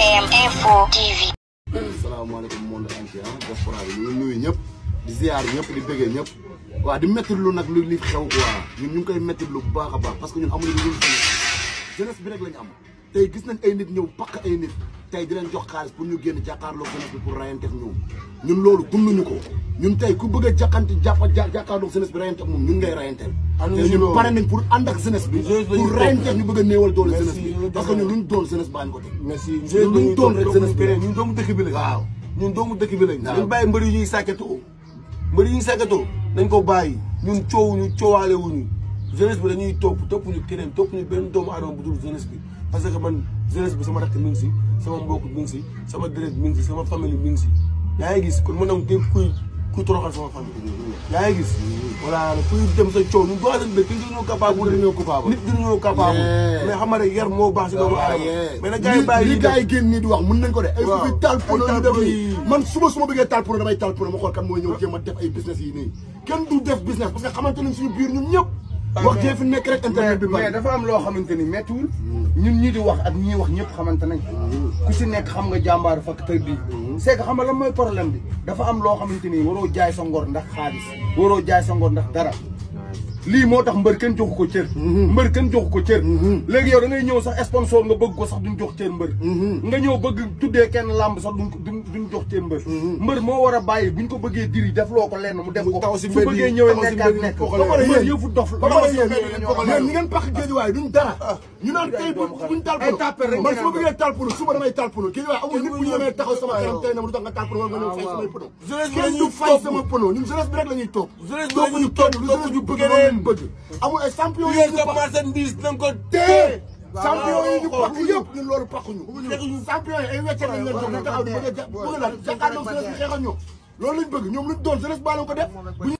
SBM Info TV. asalaamaaleykum monde entier ah, diaspora bi ñu ngi nuyu ñëpp di ziar ñëpp di bëggee ñëpp waa di métti lu nag li li xew quoi ñun ñu ngi koy métti lu baax a baax parce que ñun amuñu lu dul jeunesse bi rek lañu am tey gis nañ ay nit ñëw pakk ay nit. tey di leen jox xaalis pour ñu génn jàkkaarloo jeunesse bi pour rayanteeg ñoom ku bëgg a jàkkanti jàpp jàkkaarloo jeunesse bi rayanteeg moom ñun ngay rayanteeg te ñun pare nañ pour ànd ak jeunesse bi pour ñu bëgg a néewal doon jeunesse baañ ko teg ñun doon rek jeunesse bi ñun doomu ñun doomu dëkk bi lañ dañ bàyyi mbëri ñuy sàkkatoo mbëri ñuy sàkkatoo dañ ko bàyyi ñun coowuñu coowaalewuñu jeunesse bi dañuy topp topp ñu keneen topp ñu benn doomu aadama bu dul jeunesse bi parce que man jeunesse bi sama rakk mi ngi si sama mbokk mi ngi si sama deret mi ngi si sama famille mi ngi si yaa ngi gis kon mën am képp kuy kuy toroxal sama famille yaa ngi gis voilà kuy dem sa coow ñu doa leen bé ki dinañoo capable nit dinañoo capable mais xam nga rek yar moo baax si doomu aadama mais nag gars yi bàyyi li gars yi génn nii di wax mën nañ ko de ay fi taal pono yu def nii man suba suma bëggee taal pono damay taal pono ma xool kan mooy ñëw jéem a def ay business yi nii kenn du def business parce que xamante nañ suñu biir ñun ñëpp wax jee fi nekk rek internet bi mais dafa am loo xamante ni méttiwul ñun ñi di wax ak ñi wax ñëpp xamante nañ ku si nekk xam nga jàmbaar fakk tër bi c'est que xam nga lan mooy problème bi dafa am loo xamante ni waroo jaay sa ngor ndax xaalis waroo jaay sa ngor ndax dara lii moo tax mbër kenn joxu ko cër mbër kenn joxu ko cër léegi yow da ngay ñëw sax sponsor nga bëgg ko sax duñ jox cër mbër nga ñëw bëgg tuddee kenn làmb sax duñ duñ jox cee mbër mhm. mbër moo war a bàyyi buñ ko def loo ko lenn mu def ko su bëggee ñëwee mbër yëfu dof la ñi ngeen ah. na mu du tax nga talpno wala nga ñëw fay ah, sama pono ñun jeunesse bi champion yi ñu pakk yëpp ñun loolu pakkuñu champion yi ay wecce lañ leen jox ñu taxaw bëgg a jàpp ko def